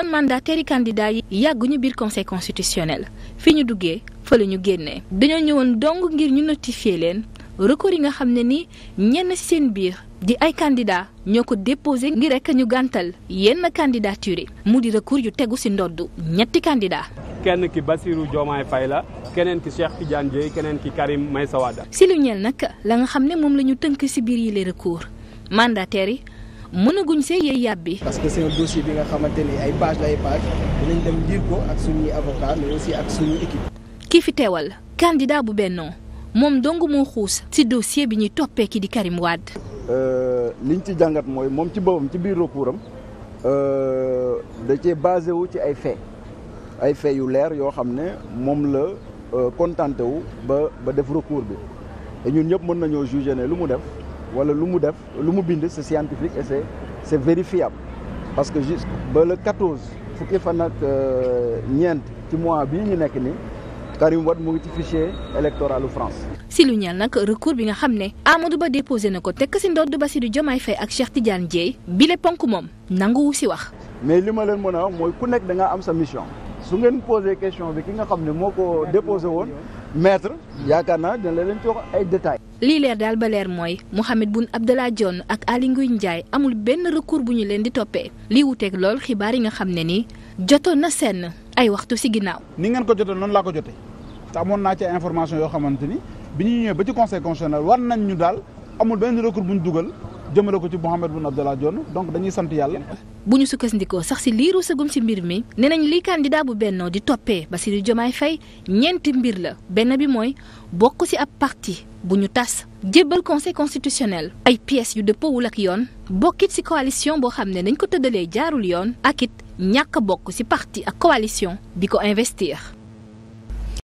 non mandataires yi candidat yi yàgguñu biir conseil constitutionnel fii ñu duggee fa la ñu génnee dañoo ñëwoon dong ngir ñu notifier leen recours yi nga xam ne ni ñenn ci seen biir di ay candidat ñoo ko déposé ngir rek ñu gàntal yenn candidature yi mu di recours yu tegu ci ndodd ñetti candidat kenn ki Bassirou Diomaye Faye la keneen ki Cheikh Tidiane Dièye keneen ki Karim Meïssa Wade. ci lu ñeel nag la nga xam ne moom la ñu tënk ci biir yi les recours mandataires yi mënaguñ see yee bi parce que c'est un bi nga xamante ni ay page la ay page dinañ dem lire ko ak suñuy avocat mais aussi ak suñu équipe. ki fi teewal candidat bu bennoo moom dong moo xuus ci dossier bi ñuy toppee ki di Karim Wade. Euh, liñ ci jàngat mooy moom ci boppam ci biir recours am euh, da cee basé wu ci ay fait ay fait yu leer yoo xam ne moom la euh, contenté wu ba ba def recours bi te ñun ñëpp mën nañoo jugé ne lu mu def. wala lu mu def lu mu bind c'est scientifique et c'est c'est vérifiable parce que juste ba le 14 fukki fan ak euh, ñeent ci mois bii ñu nekk ni Karim Wade moo ngi ci fichier électoral u France. si lu ñeel nag recours bi nga xam ne Amadou Ba déposé na ko tekk si ndodd Bassirou Diomaye Faye ak Cheikh Tidiane Dièye bile ponk moom nanguwu si wax. mais li ma leen mën a wax mooy ku nekk danga am sa mission. su ngeen posé question bi ki nga xam ne moo ko déposé woon maître yaakaar naa la leen jox ay détails. lii leer daal ba leer mooy Mouhamed Boun Abdallah Dionne ak Aly Ngouille Ndiaye amul benn recours bu ñu leen di toppee lii wuteeg lool xibaar yi nga xam ne nii jotoon na seen ay waxtu si ginnaaw. ni ngeen ko jotee noonu laa ko jotee tax amoon naa ci information yoo xamante ni bi ñu ñëwee ba ci conseil war nañ ñu daal amul benn recours bu ñu dugal. jëmale ko ci Mouhamed Boun Abdallah Dionne donc dañuy sant yàlla. bu ñu sukkandikoo sax si liiru sagum ci mbir mi ne nañ li candidat bu bennoo di toppee ba Bassirou Diomaye Faye ñeenti mbir la benn bi mooy bokk si ab parti bu ñu tas jébbal conseil constitutionnel ay pièces yu dëppoowul ak yoon bokkit si coalition boo xam ne dañ ko tëddalee jaarul yoon ak it ñàkk bokk si parti ak coalition bi ko investir.